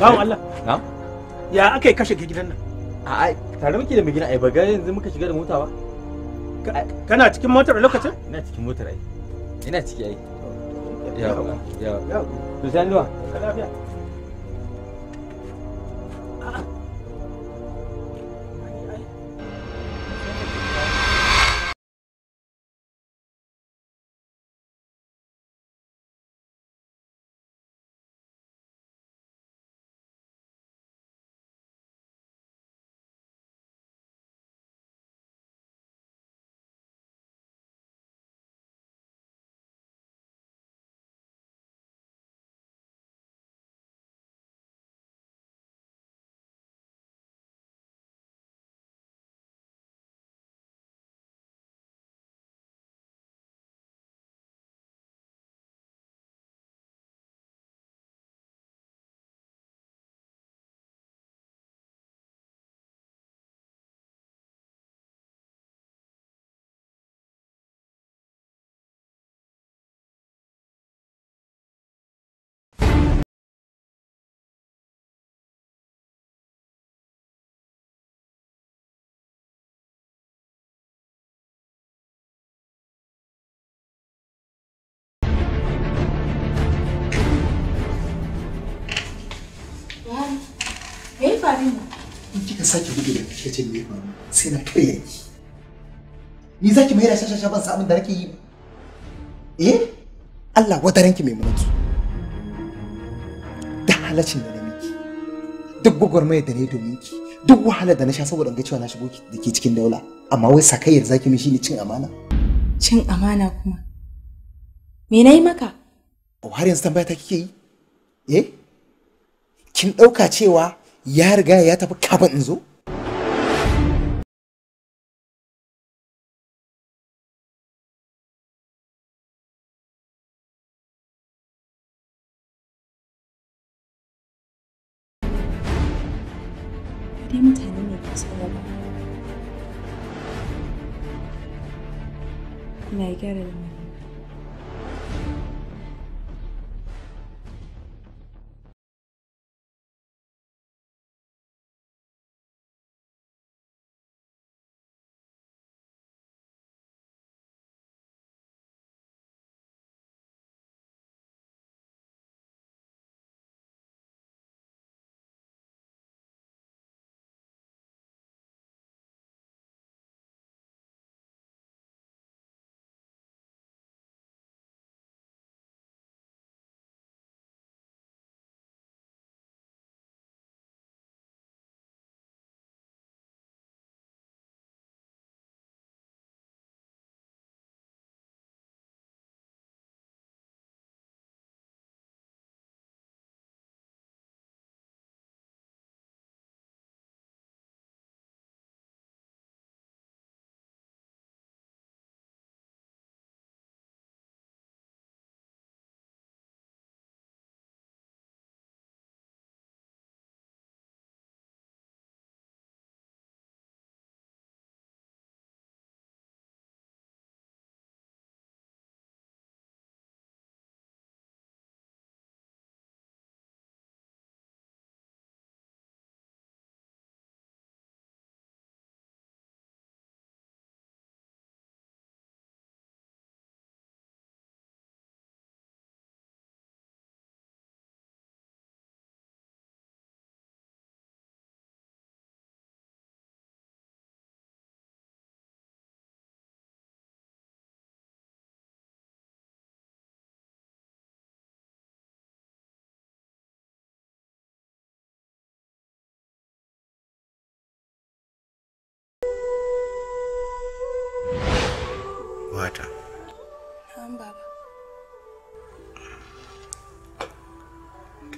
Bawan Allah. Na'am. Ya aka yi kashe gidan nan? A'a, tare muke da gina ai ba ga yanzu muka shiga da mota ba. Kana cikin motar lokacin? Ina cikin motar ai. Ina ciki ai. Ya. Ya. To sai an Ka lafiya. saurare ni. In kika sake gudu da kika ce me faru sai na karya ki. Ni zaki mai da shashasha ban samun da nake yi ba. Eh? Allah wadaranki mai mulki. Da halacin da na miki. Duk gwagwarmayar da na yi domin ki. Duk wahalar da na sha saboda ga cewa na shigo da ke cikin daula. Amma wai sakayyar zaki mishi ne cin amana. Cin amana kuma. Me na yi maka? Har yanzu tambaya ta kike yi? Eh? Kin ɗauka cewa ya riga ya tafi kafin in zo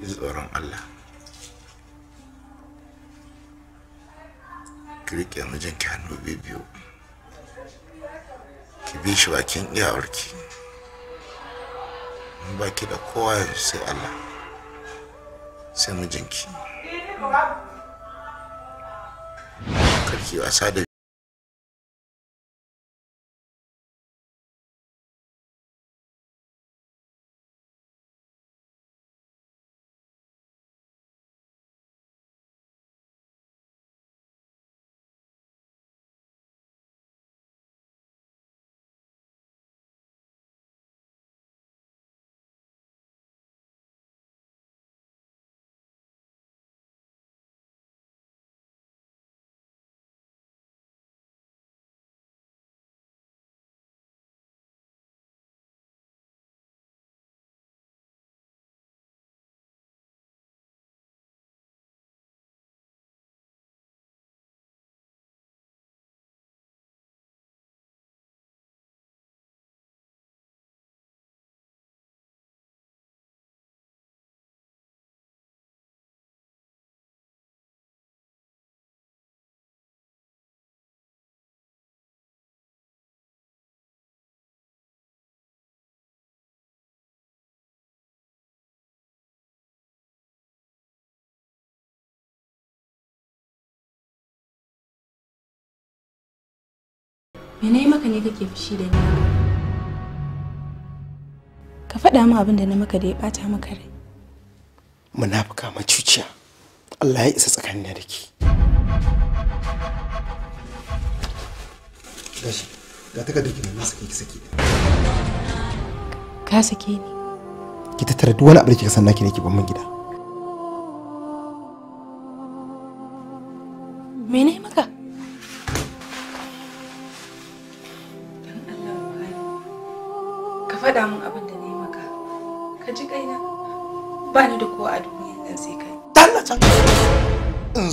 ji tsoron Allah ki riƙe mijinki hannu biyu ki bi shi bakin iyawarki in ba ki da kowa sai Allah sai mijinki karki wasa da Me na yi maka ne kake fushi da ni? Ka faɗa min abin da na maka da ya ɓata maka rai. Munafuka macuciya. Allah ya isa tsakanin da ke. Gashi, ga takardar ki na sake ki sake. Ka sake ni. Ki tattara duk wani abu da kika san naki ne ki ban min gida.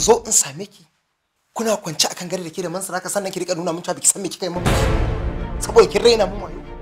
zo in same ki kuna kwance akan gari da ke da mansara ka sannan ki rika nuna mun ta biki san me kika yi mun saboda kin raina mun wayo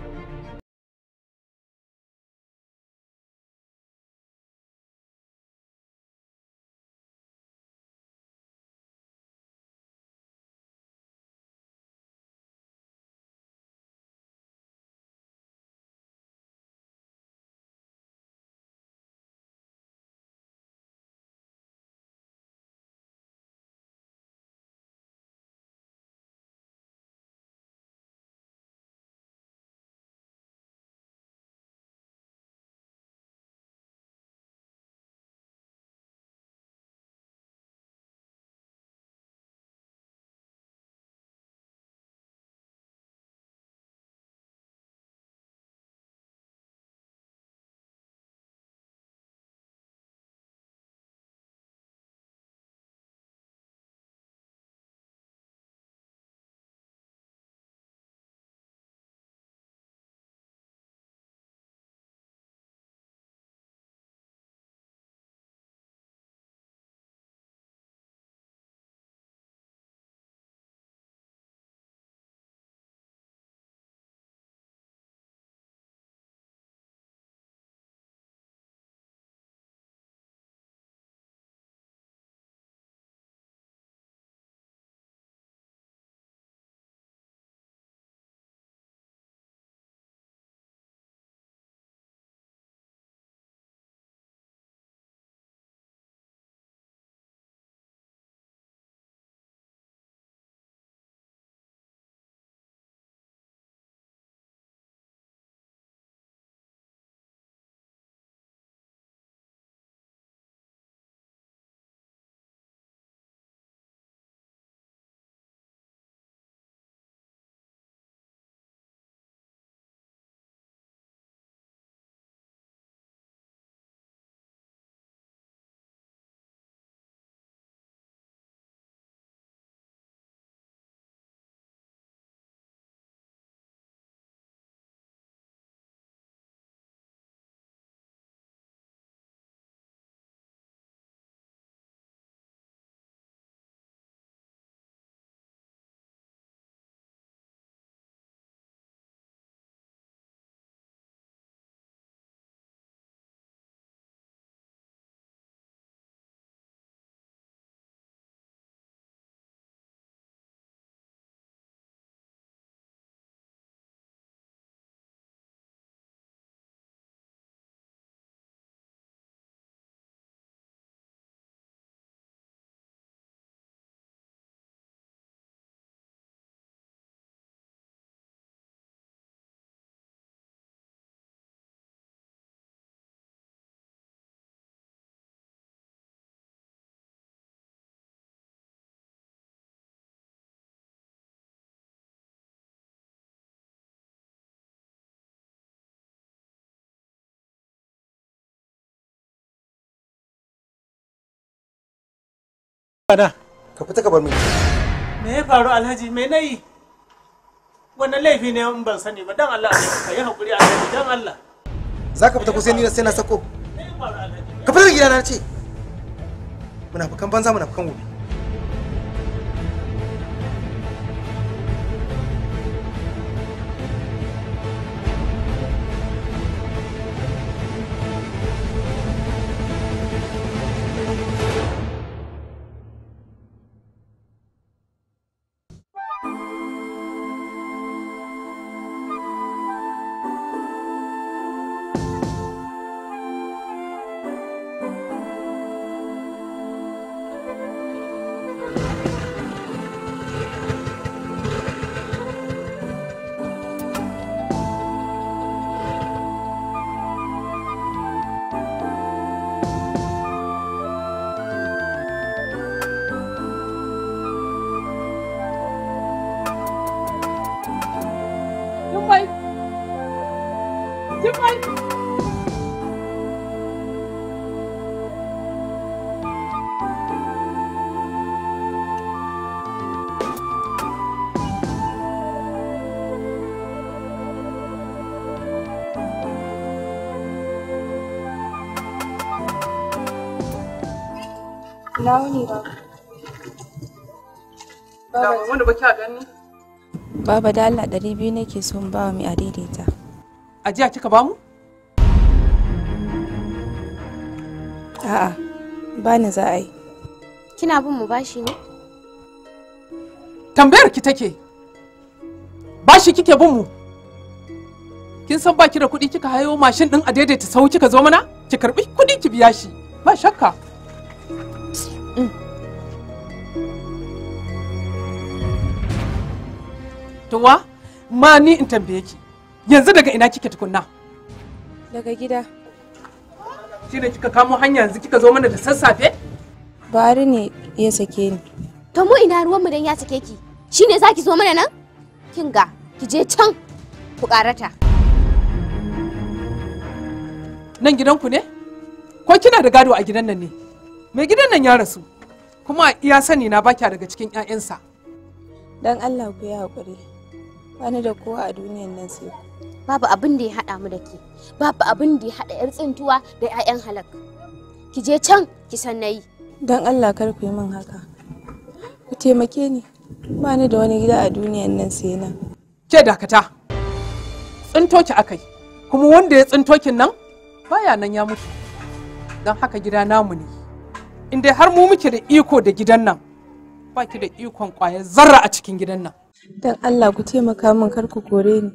Bana. Ka fita ka bar mu. Me ya faru Alhaji? Me na yi? Wannan laifi ne in ban sani ba. Dan Allah ka yi hakuri Alhaji dan Allah. Za ka fita ko sai ni sai na sako. Ka fita gidana ce. Muna fukan banza muna fukan gobe. Baba. da Allah ɗari biyu nake so in ba mu a daidaita. Ajiya kika ba mu? A'a, ba ni za a yi. Kina bin mu bashi ne? Tambayar ki take. Bashi kike bin mu? Kin san ki da kuɗi kika hayo mashin ɗin a daidaita sau kika zo mana? Ki karɓi kuɗi ki biya shi. Ba shakka. Mm. Towa ma ni in tambaye ki. Yanzu daga ina kike tukunna? Daga gida. Shi da kika kamo hanya yanzu kika zo mana da sassafe? Bari ne ya sake ni. To mu ina ruwan mu dan ya sake ki. Shi ne zaki zo mana nan? Kin ga, ki je can ku karata. Nan gidan ku ne? Ko kina da gado a gidan nan ne? mai gidan nan ya rasu kuma iya sani na bakya daga cikin 'ya'yansa don allah ku yi haƙuri wani da kowa a duniyan nan sai babu abin da ya haɗa mu da ke babu abin da ya haɗa 'yar tsintuwa da 'ya'yan halak ki je can ki san nayi don allah kar ku yi min haka ku taimake ni ba ni da wani gida a duniyan nan sai nan ke dakata tsintoki akai kuma wanda ya tsintokin nan baya nan ya mutu don haka gida namu ne in dai har mu muke da iko da gidan nan ba ki da ikon kwayar zarra a cikin gidan nan dan Allah ku taimaka min kar ku kore ni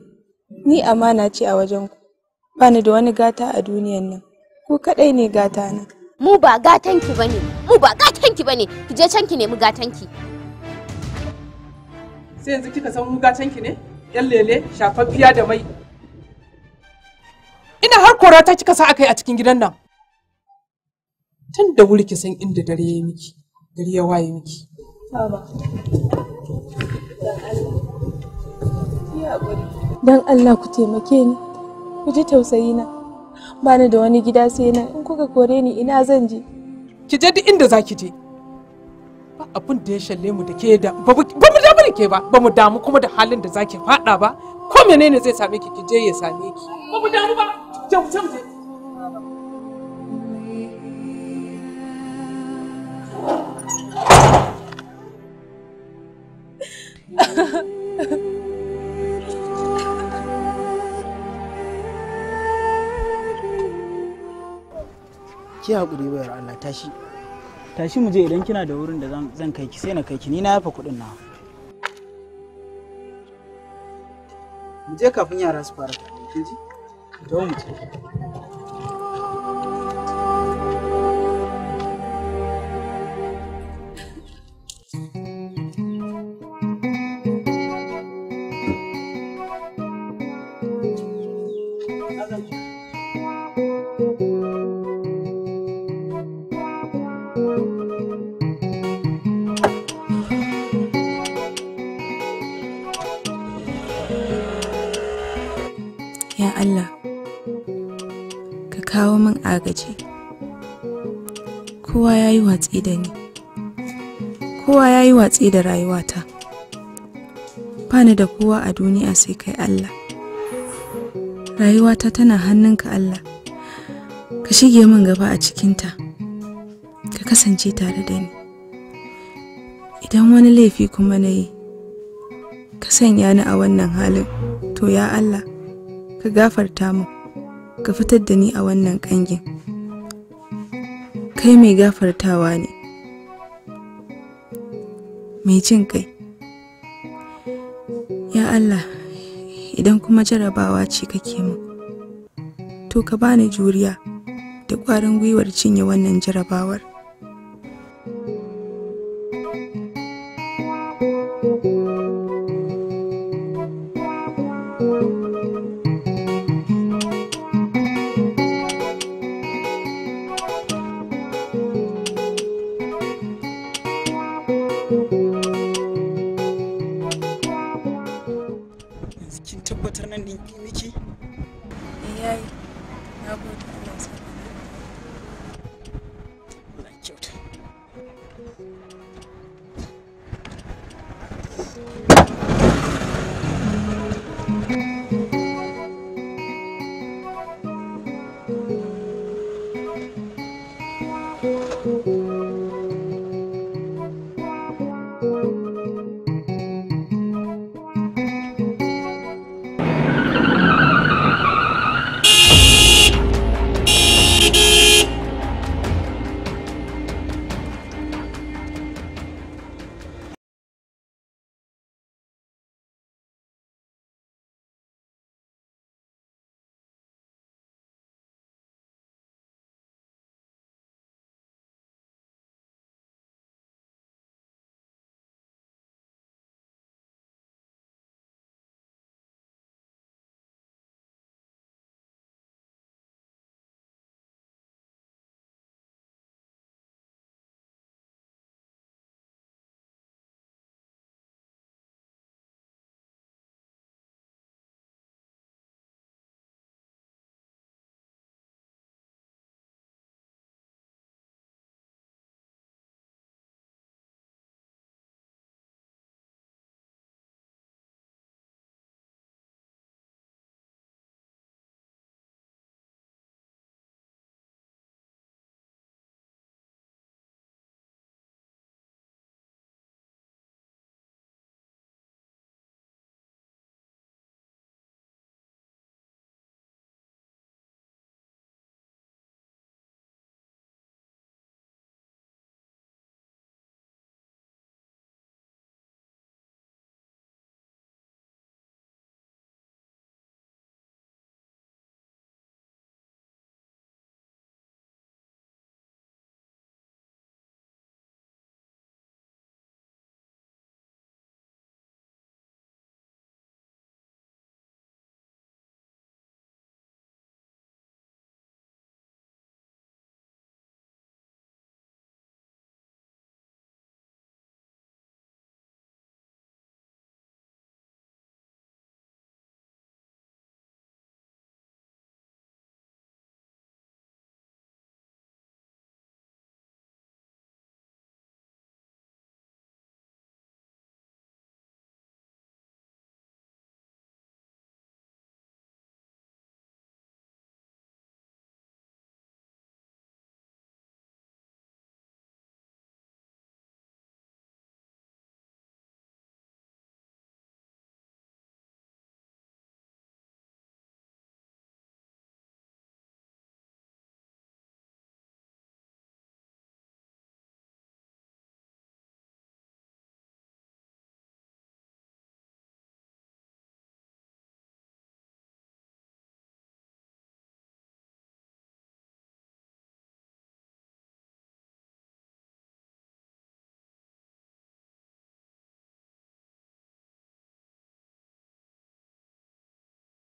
ni amana ce a wajen ku ba ni da wani gata a duniyan nan ku kadai ne gata na mu ba gatan ki bane mu ba gatan ki bane ki je can ki nemi gatan ki sai yanzu kika san mu gatan ki ne yan lele shafaffiya da mai ina har kora ta kika sa akai a cikin gidan nan tun da wuri ki san inda dare ya miki dare ya waye miki dan Allah ku taimake ni ku ji tausayi na bani da wani gida sai na in kuka kore ni ina zan je ki je duk inda zaki je ba abin da ya shalle mu da ke da ba mu damu da ke ba ba mu damu kuma da halin da zaki fada ba ko menene zai same ki ki je ya same ki ba mu damu ba je mu je ki haƙuri bayar Allah tashi tashi mu je idan kina da wurin da zan kai ki sai na kai ki ni na yafa kuɗin na mu je kafin yara su fara kin ji mu ce watsi da ni kowa ya yi watsi da rayuwata bani da kowa a duniya sai kai Allah rayuwata tana hannunka Allah ka shige min gaba a cikinta ka kasance tare da ni idan wani laifi kuma na yi ka sanya ni a wannan halin to ya Allah ka gafarta min ka fitar da ni a wannan ƙangin kai mai gafartawa ne mai cin kai ya Allah idan kuma jarabawa ce kake min to ka bani juriya da kwarin gwiwar cinye wannan jarabawar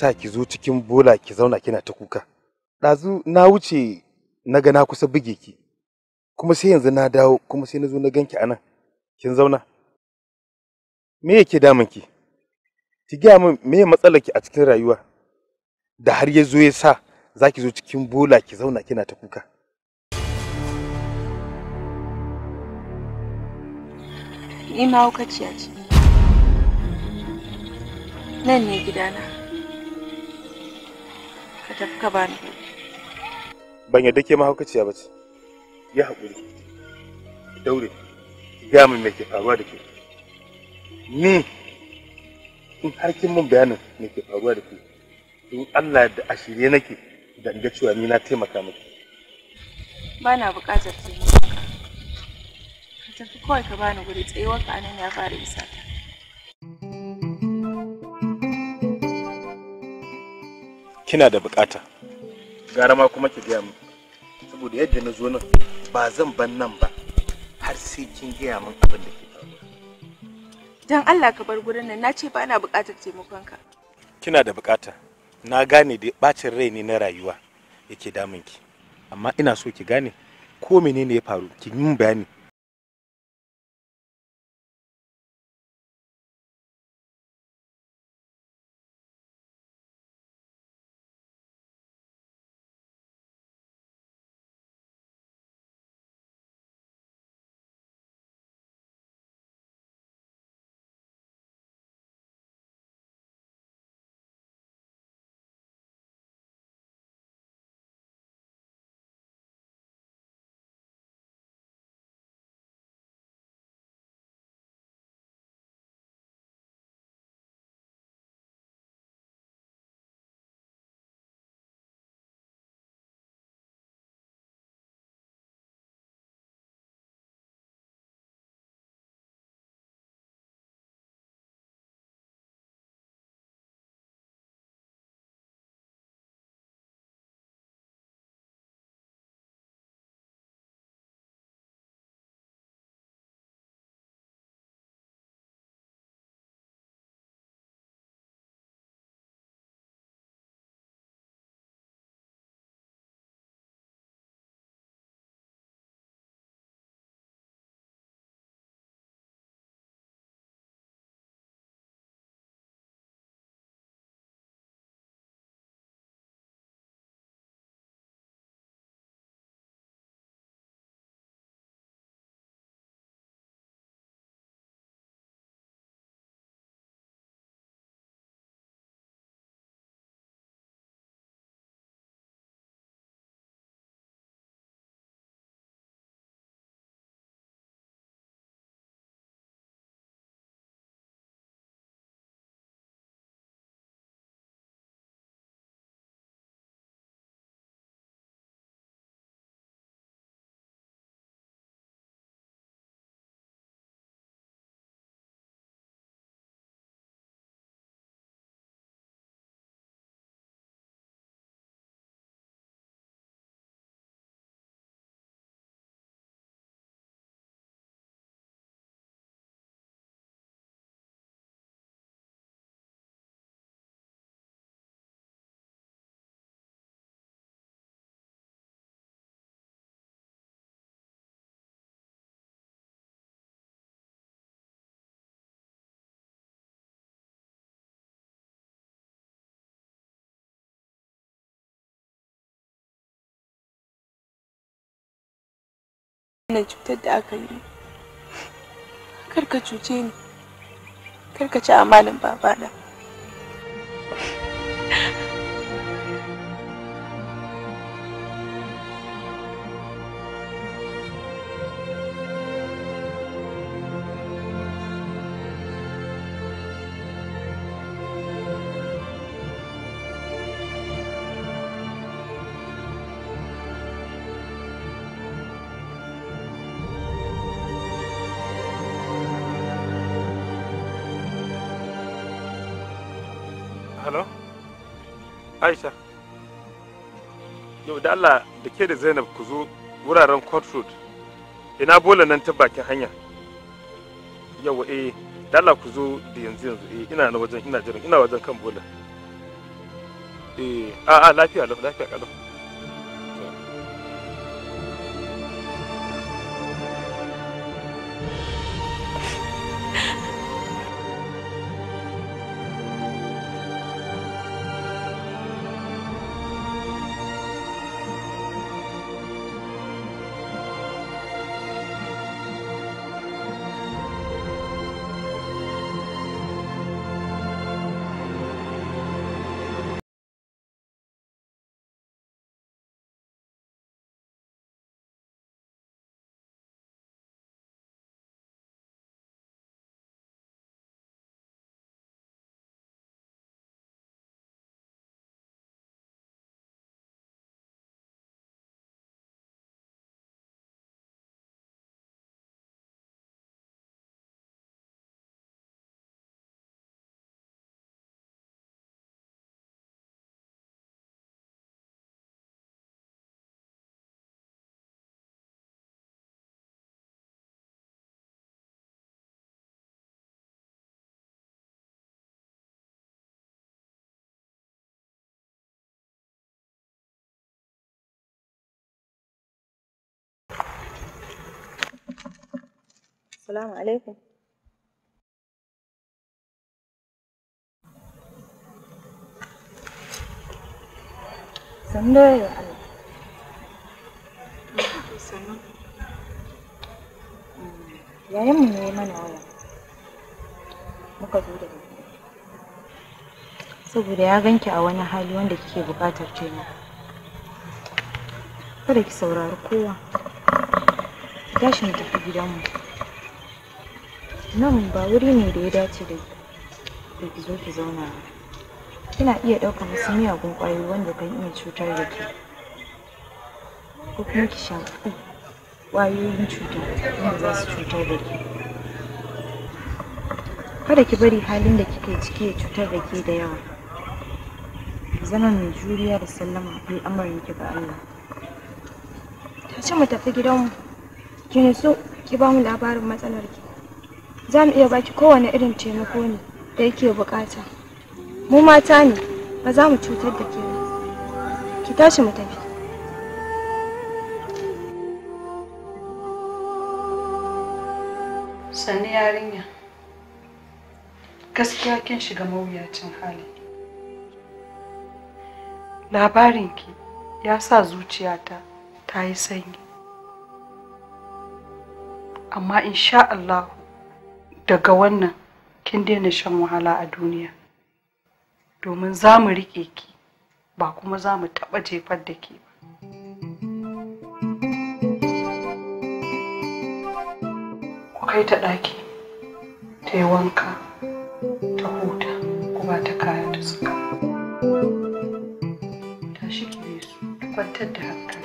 sa ki zo cikin bola ki zauna kina ta kuka ɗazu na wuce na ga na kusa buge ki kuma sai yanzu na dawo kuma sai na zo na ganki anan kin zauna me yake damun ki ki gaya min me matsalar ki a cikin rayuwa da har ya zo ya sa za ki zo cikin bola ki zauna kina ta kuka ni a ce nan ne gidana tafi ka bani ban yadda ke mahaukaciya ba ce ya haƙuri ki daure ki gaya me ke faruwa da ke ni in har kin min bayanin me ke faruwa da ke in Allah da a shirye nake da ga cewa ni na taimaka miki ba na buƙatar taimaka ka tafi kawai ka bani guri tsayuwarka anan ya fara isa ta kina da bukata gara ma kuma ki gaya min saboda yadda na zo nan ba zan ban nan ba har sai kin gaya min abin da ke faruwa dan Allah ka bar gurin nan nace ce ba na bukatar taimakonka kina da bukata na gane da bacin rai ne na rayuwa yake damun ki amma ina so ki gane ko menene ya faru ki yi bayani wannan cutar da aka yi karka cuce ni karka ci amalin babana aisha yau da allah da ke da zainab ku zo wuraren court road ina bola nan ta bakin hanya yau eh da allah ku zo da yanzu yanzu eh ina na wajen ina jiran ina wajen kan bola eh a a lafiya lafiya kalau Assalamu alaikum. Sanda ya Allah. Yayin mu ne mana waya. Muka zo da Saboda ya ganki a wani hali wanda kike buƙatar taimako. Kada ki saurari kowa. Tashi mu tafi gidanmu. nan ba wuri ne da ya dace da da ki zo ki zauna ba kina iya ɗaukar wasu miyagun ƙwayoyi wanda kan iya cutar da ke ko kuma ki shafi ƙwayoyin cuta wanda za su cutar da ke kada ki bari halin da kike ciki ya cutar da ke da yawa zama mai juriya da sallama al'amarin ki ga Allah ta ce mu tafi gidanmu ki nutsu so ki ba mu labarin matsalar ki za mu iya baki kowane irin taimako ne da yake bukata mu mata ne ba za mu cutar da ke ki tashi mu tafi sani yarinya gaskiya kin shiga mawuyacin hali labarinki ya sa zuciyata ta yi sanyi amma insha Allah daga wannan kin daina shan wahala a duniya domin za mu riƙe ki ba kuma za mu taɓa jefar da ke ba ku kai ta ɗaki ta yi wanka ta huta ku ba ta kaya ta suka tashi ki su kwantar da hankali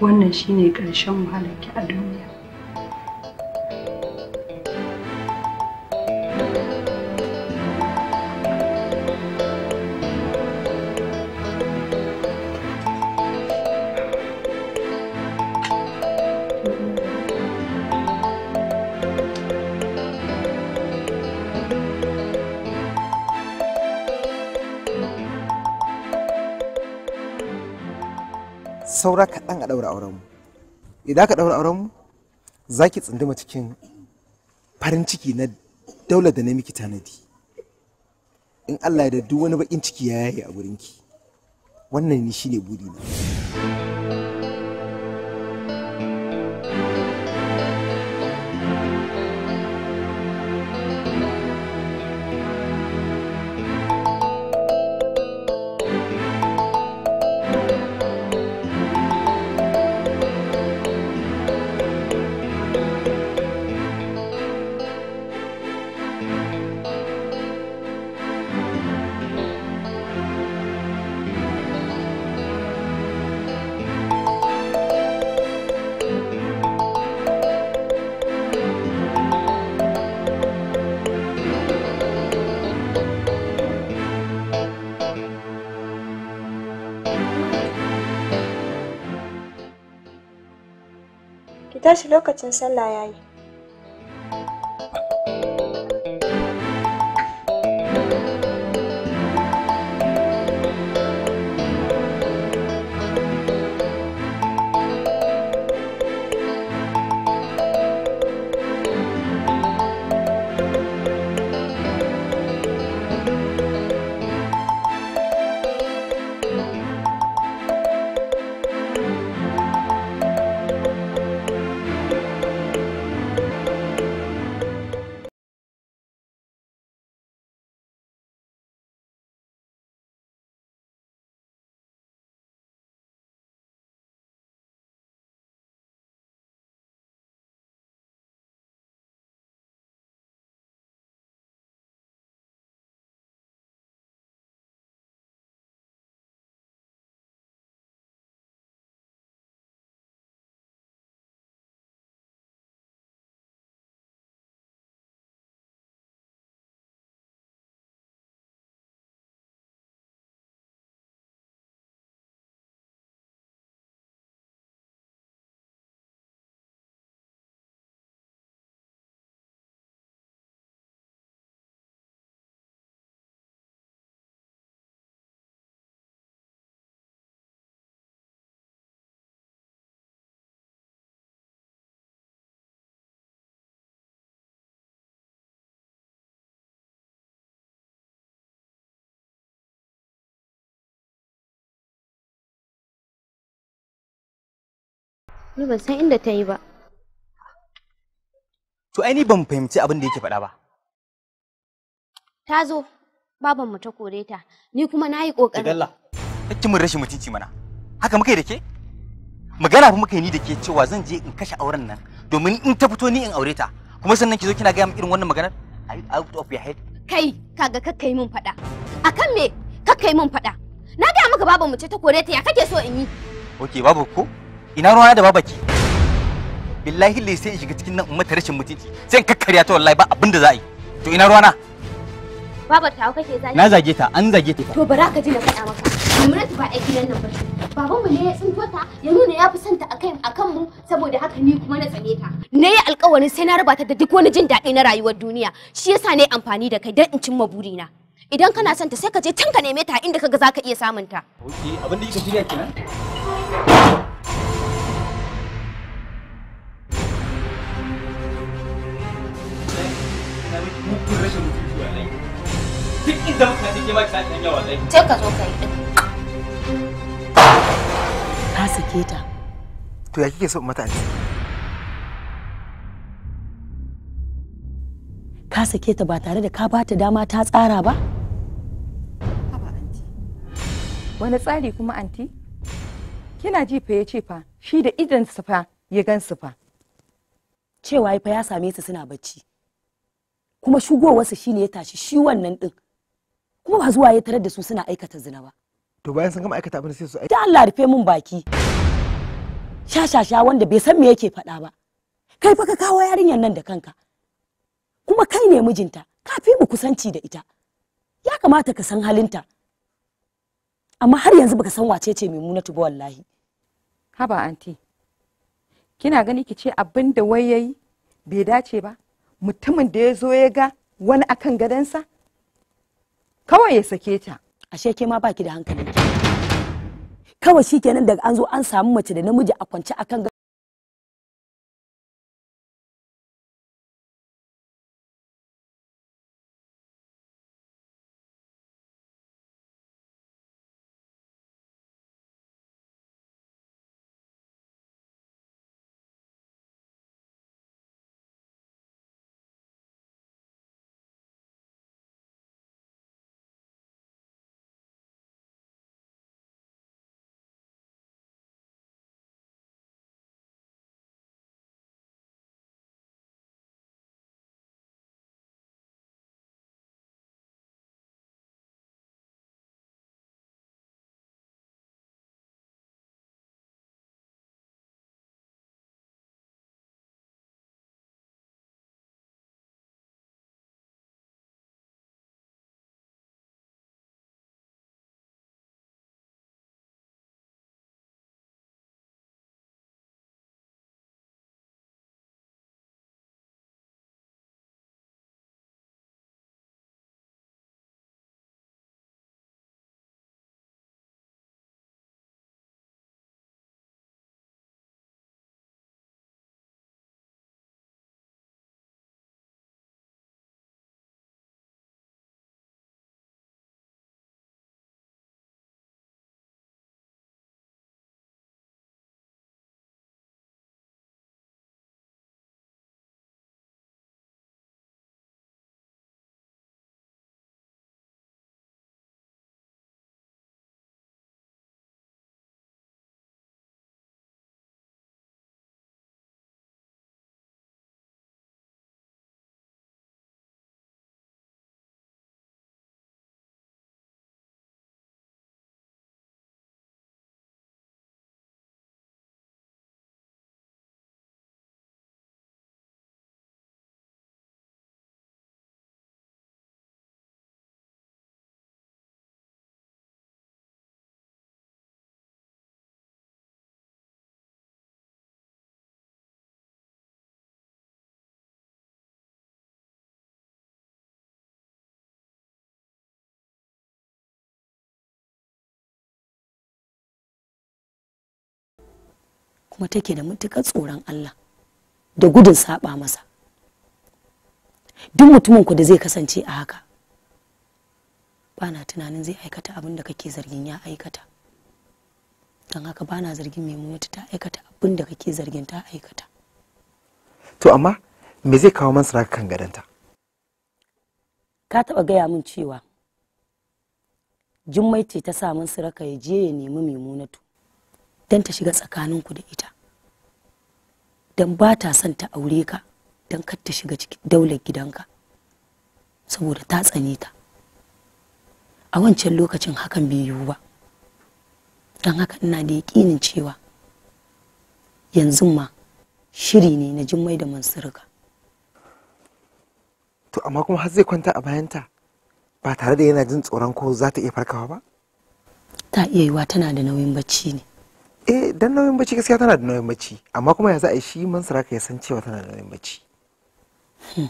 wannan shine ƙarshen wahalarki a duniya sauraka a ɗaura auren mu idan aka ɗaura auren za ki tsunduma cikin farin ciki na daular da na miki tanadi in Allah ya da duk wani bakin ciki ya yaye a ki wannan ne shine burina tashi lokacin sallah yayi Ni ban san inda ta yi ba. To ai ni ban fahimci abin da yake faɗa ba. Ta zo, baban mu ta kore ta. Ni kuma na yi ƙoƙari. Dalla, kake mun rashin mutunci mana. Haka muka yi da ke? Magana fa muka yi ni da ke cewa zan je in kashe auren nan domin in ta fito ni in aure ta. Kuma sannan ki zo kina gaya min irin wannan maganar? Are out of your head? Kai, kaga kakkai mun faɗa. Akan me? Kakkai mun faɗa. Na gaya maka baban mu ce ta kore ta ya kake so in yi? Okay, babu ko? ina ruwana da babaki billahi lai sai in shiga cikin nan in mata rashin mutunci sai in kakkarya ta wallahi ba abin da za a yi to ina ruwana baba ta kake zagi na zage ta an zage ta to bara ka ji na faɗa maka Aminatu ba a gidan nan ba baban mu ne ya tsinto ta ya nuna ya fi santa akan akan mu saboda haka ni kuma na tsane ta na yi alƙawarin sai na raba ta da duk wani jin daɗi na rayuwar duniya shi yasa na yi amfani da kai don in cimma burina idan kana son ta sai ka je can ka neme ta inda kaga zaka iya samun ta abin da yake shirya kenan inda To ya kike so mata anti? Ka sake ta ba tare da ka ba ta dama ta tsara ba? Haba anti. Wani tsari kuma anti? Kina ji fa ya ce fa shi da idan su fa ya gan su fa. Cewa fa ya same su suna bacci. kuma shigowarsa shine ya tashi shi wannan din ko ba zuwa ya tarar da su suna aikata zina ba to bayan sun gama aikata abin sai su aikata Allah rufe mun baki shashasha wanda bai san me yake faɗa ba kai fa ka kawo yarinyar nan da kanka kuma kai ne mijinta ka fi mu kusanci da ita ya kamata ka san halinta amma har yanzu baka san wace ce maimunatu ba wallahi haba anti kina gani ki ce abin da wai yayi bai dace ba mutumin da ya zo ya ga wani akan gadansa kawai ya sake ta ashe ke ma baki da hankali kawai shikenan daga an zo an samu mace da namiji a kwance akan kuma take da matuƙar tsoron Allah da gudun saba masa duk mutumin ku da zai kasance a haka bana tunanin zai aikata abin da kake zargin ya aikata don haka bana zargin mai mutu ta aikata abin da kake zargin ta aikata to amma me zai kawo mansara kan gadanta ka taba gaya min cewa jummai ce ta sa suraka ya je ya nemi maimunatu don ta shiga tsakaninku da ita don ba ta son ta aure ka don kar ta shiga daular gidanka saboda ta tsane ta a wancan lokacin hakan bai yiwu ba don haka ina da yaƙinin cewa yanzu ma shiri ne na jimmai da mansurka to amma kuma har zai kwanta a bayanta ba tare da yana jin tsoron ko za ta iya farkawa ba ta iya yiwa tana da nauyin bacci ne eh dan nauyin bacci gaskiya tana da nauyin bacci amma kuma ya za a yi shi mansura ka ya san cewa tana da nauyin bacci hmm.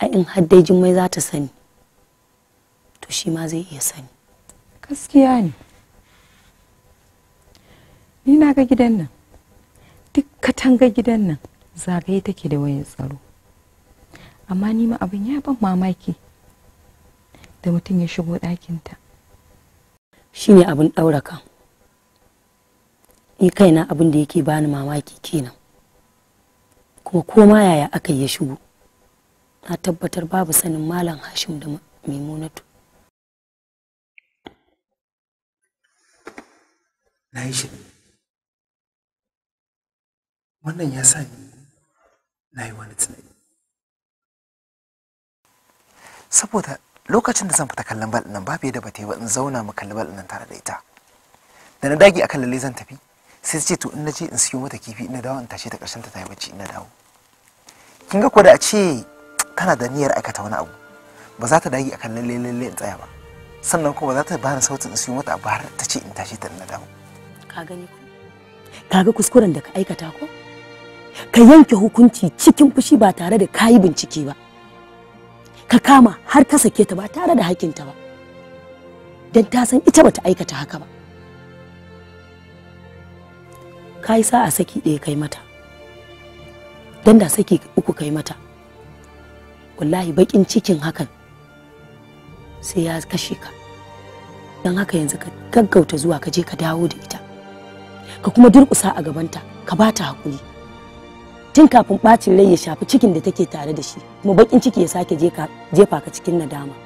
a in haddai mai za ta sani to shi ma zai iya sani gaskiya ne ni na ga gidan nan duk katanga gidan nan zagaye take da wayan tsaro amma ni ma abin ya ban mamaki da mutum ya shigo ɗakinta shine abin ɗaura kan ni kaina abin da yake bani mamaki kenan kuma koma yaya aka ya shigo na tabbatar babu sanin malam hashim da maimunatu na yi shi wannan ya sa ni na yi wani tunani saboda lokacin da zan fita kallon bal nan babu yadda ba ta yi ba in zauna mu kalli bal nan tare da ita da na dagi akan lalle zan tafi sai ce to in na je in siyo mata kifi ina dawo in tashi ta karshen ta ta yi bacci ina dawo kin ga ko da a ce tana da niyyar aikata wani abu ba za ta dage akan lalle lalle in tsaya ba sannan kuma za ta bani sautin in siyo mata abu har ta ce in tashi ta ina dawo ka gani ko kaga kuskuren da ka aikata ko ka yanke hukunci cikin fushi ba tare da kayi bincike ba ka kama har ka sake ta ba tare da hakinta ba don ta san ita bata aikata haka ba ka yi sa'a saki ɗaya kai mata dan da saki uku kai mata wallahi bakin cikin hakan sai ya kashe ka don haka yanzu ka gaggauta zuwa ka je ka dawo da ita ka kuma durƙusa a gabanta ka ba ta haƙuri tun kafin ɓacin rai ya shafi cikin da take tare da shi kuma baƙin ciki ya sake jefa ka cikin nadama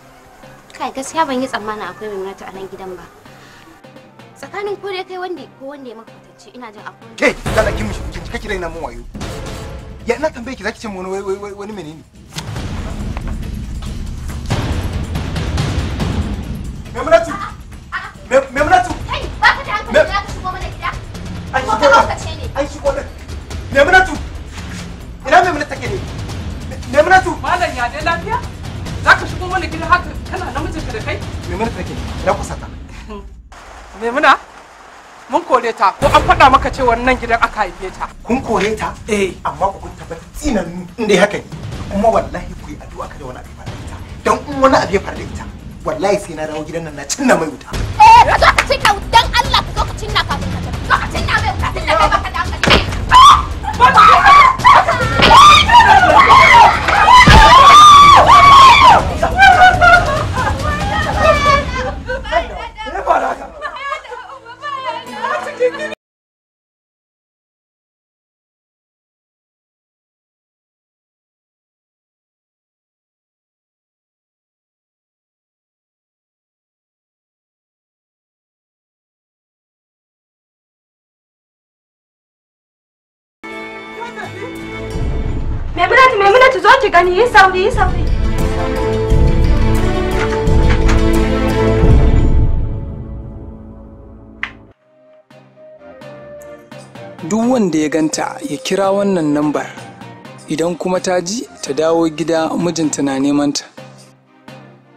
Kai gaskiya ban yi tsammanin akwai Maimunatu a nan gidan ba. Tsakanin ko dai kai wanda ko wanda ya maka ina jin akwai. Ke ki mishi kike kike raina mun wayo. Ya ina tambaye ki zaki ce mun wani wani menene? Kai ba ka da hankali za ka shigo mana gida. Malam ya lafiya? Za ka shigo mana gida haka kana namijinka da kai? Maimuna take, ya kusa ta. Maimuna? Mun kore ta ko an faɗa maka cewa nan gidan aka haife ta. Kun kore ta? Eh. Amma ku kun tabbata tsinan in dai haka ne. Kuma wallahi ku yi addu'a kada wani abu ya da ita. Dan in wani abu ya faru ita. Wallahi sai na dawo gidan nan na cinna mai wuta. Eh, ka zo ka cinna dan Allah ka zo ka cinna ka Zo ka cinna mai wuta tunda Ba ka da hankali. Ba ba. ki gani sau sauri sau đi duk wanda ya ganta ya kira wannan lambar idan kuma ta ji ta dawo gida mijinta na nemanta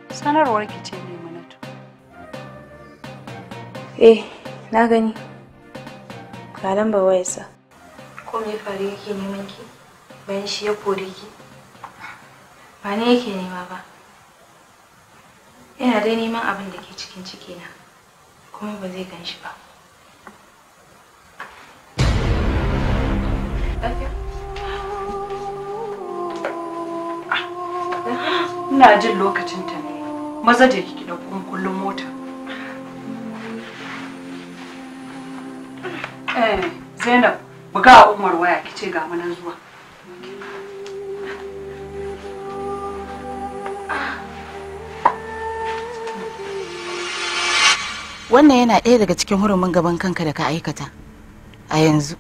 sanarwar ki ce ne manatu eh na gani ga lambar wayarsa ko me fari yake neman ki bayan shi ya kore ki ba yake nema ba yana dai neman abin da ke cikin cikina kuma ba zai gan shi ba ina jin lokacin ta ne maza da ki ɗauko kullum mota eh zainab buga umar waya kice ga munan zuwa wannan yana ɗaya daga cikin hurumin gaban kanka da ka aikata a yanzu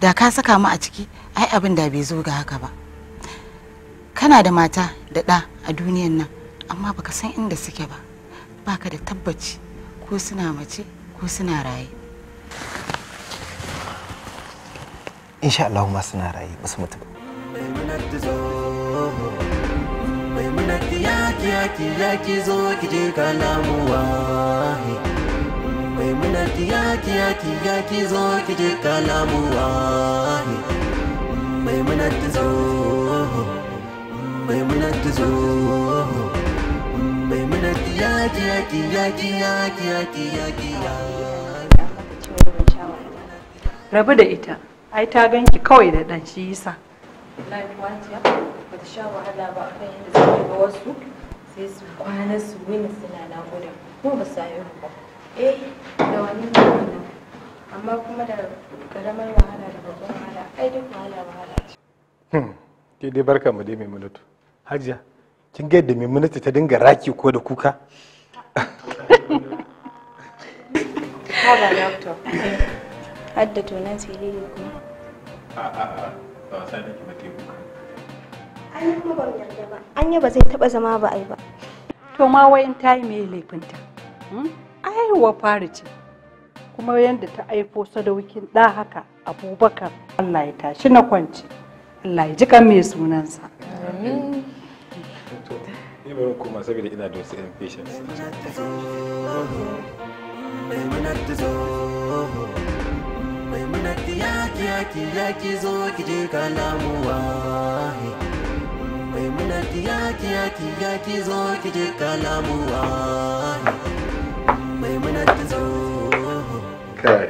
da ka saka mu a ciki ai abin da bai zo ga haka ba kana da mata da ɗa a duniyan nan amma baka san inda suke ba baka da tabbaci ko suna mace ko suna raye insha Allah ma suna raye ba su mutu ba yaki yaki yaki zo kalamu kalamuwa maimuna tiyaki ya yaki zo ki je kalamu wahi maimuna ta zo maimuna ta zo maimuna tiyaki Ya yaki yaki yaki yaki rabu da ita ai ta ganki kawai da dan shi yasa lafiya ba ta sha wahala ba akan yadda zai ga wasu sai su kwana su wuni suna gudan kuma ba su haihu ba eh da wani ne amma kuma da karamar wahala da babban wahala ai duk wahala wahala ce hmm. ke dai barka mu dai hajiya kin ga yadda ta dinga raki ko da kuka haba doctor har da siriri kuma a a a ba sa da ki ba an yi ba zai taba zama ba ai ba to ma wayan tayi mai laifinta hmm? aiwa fari ce kuma yadda ta aiko sadaukin ɗa haka abubakar allah ya tashi na kwanci allah ya ji kan mai sunansa yaki yaki yaki zo ki je zo ki je kai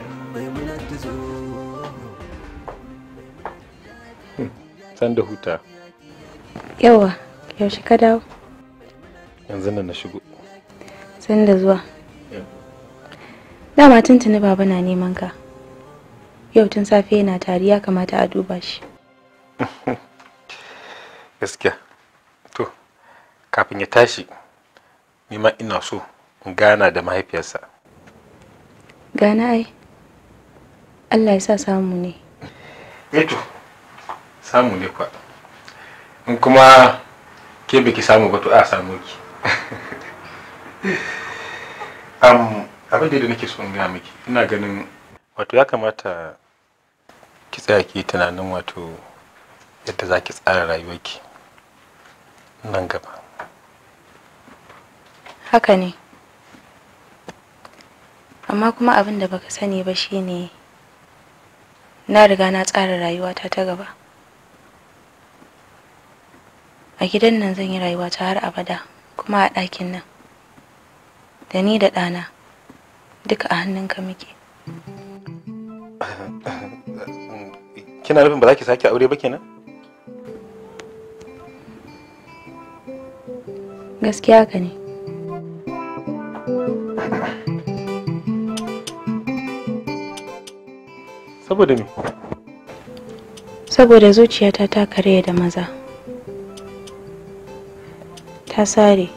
san huta yawa yaushe ka dawo yanzu nan na shigo sanda zuwa dama tuntuni baba na neman ka yau tun safe yana tari ya kamata a duba shi gaskiya to kafin ya tashi ma ina so gana da mahaifiyarsa gana ai allah ya sa samu ne eto eh samu ne kwa in kuma ke biki samu ba to a samu ki um, abin da nake son gaya miki ina ganin wato ya kamata ki tsaya ki tunanin wato yadda za ki tsara rayuwarki nan gaba haka ne amma kuma abin da baka sani ba shine na riga na tsara rayuwata ta gaba a gidan nan zan yi rayuwata har abada kuma a ɗakin nan da ni da ɗana duka a hannunka muke kina nufin ba za ki sake aure ba kenan gaskiya ka ne Saboda me? Saboda zuciyata ta karye da maza. Ta sare.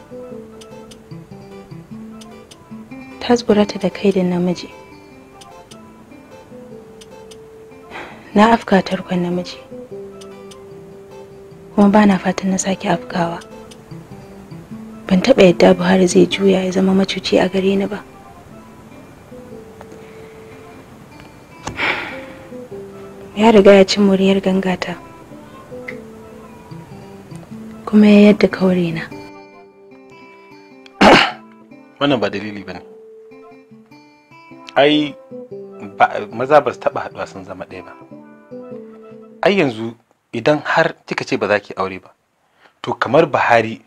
Ta tsorata da kai da namiji. Na afka tarkon namiji. Kuma ba na fatan na sake afkawa. Ban taɓa yadda Buhari zai juya ya zama macuci a gare ni ba. ya riga ya ci muryar gangata kuma ya yadda kaure na wannan ba dalili ba ne ai maza ba su taɓa haɗuwa sun zama ɗaya ba ai yanzu idan har kika ce ba za ki aure ba to kamar bahari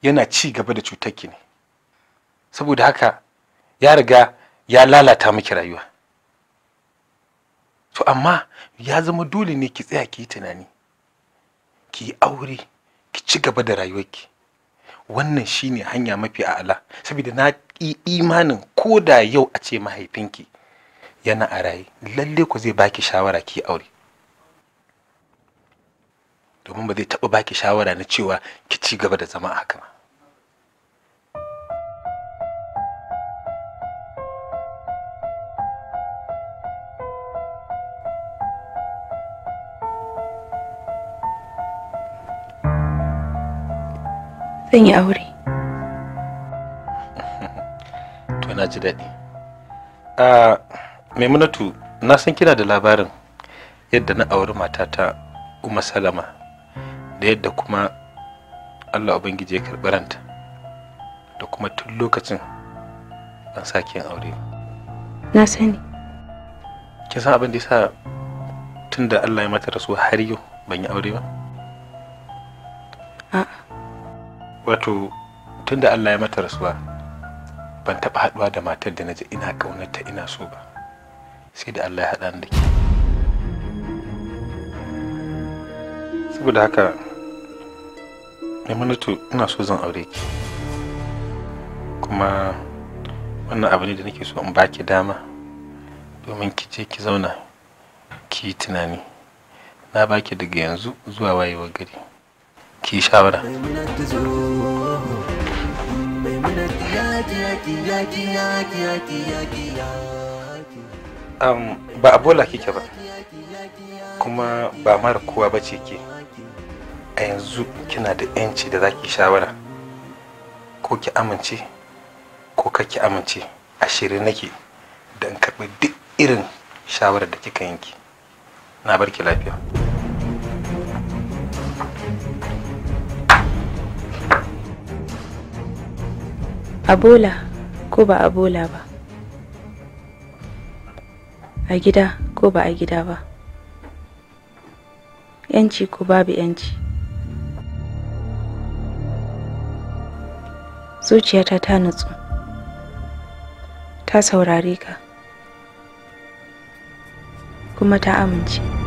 yana ci gaba da cutarki ne saboda haka ya riga ya lalata miki rayuwa to amma ya zama dole ne ki tsaya ki tunani ki aure ki ci gaba da rayuwarki wannan shine hanya mafi a'ala saboda na imanin ko da yau a ce mahaifinki yana a raye lalle ku zai baki shawara ki aure domin ba zai taɓa baki shawara na cewa ki ci gaba da zama a haka ba zan yi aure to na ji daɗi a maimunatu na san kina da labarin yadda na auri matata umma salama da yadda kuma allah ubangiji ya karɓi ranta da kuma tun lokacin ban sake yin aure na sani kin san abin da yasa tun da allah ya mata rasu har yau ban yi aure ba wato tunda Allah ya mata rasuwa ban taba haduwa da matar da naji ina ta ina so ba sai da Allah ya haɗa da ke saboda haka maimunatu ina so zan aure ki kuma wannan abu ne da nake so in baki dama domin ki ce ki zauna ki tunani na baki daga yanzu zuwa wayewar gari ki shawara um, ba abola kike ba kuma ba mara kowa ba ce ke a yanzu kina da yanci da za ki shawara ko ki amince ko ka ki amince a shirye nake don karɓi duk irin shawarar da kika yanki na barki lafiya abola ko ba abola ba a gida ko ba a gida ba yanci ko babu yanci zuciyata ta nutsu ta saurare ka kuma ta amince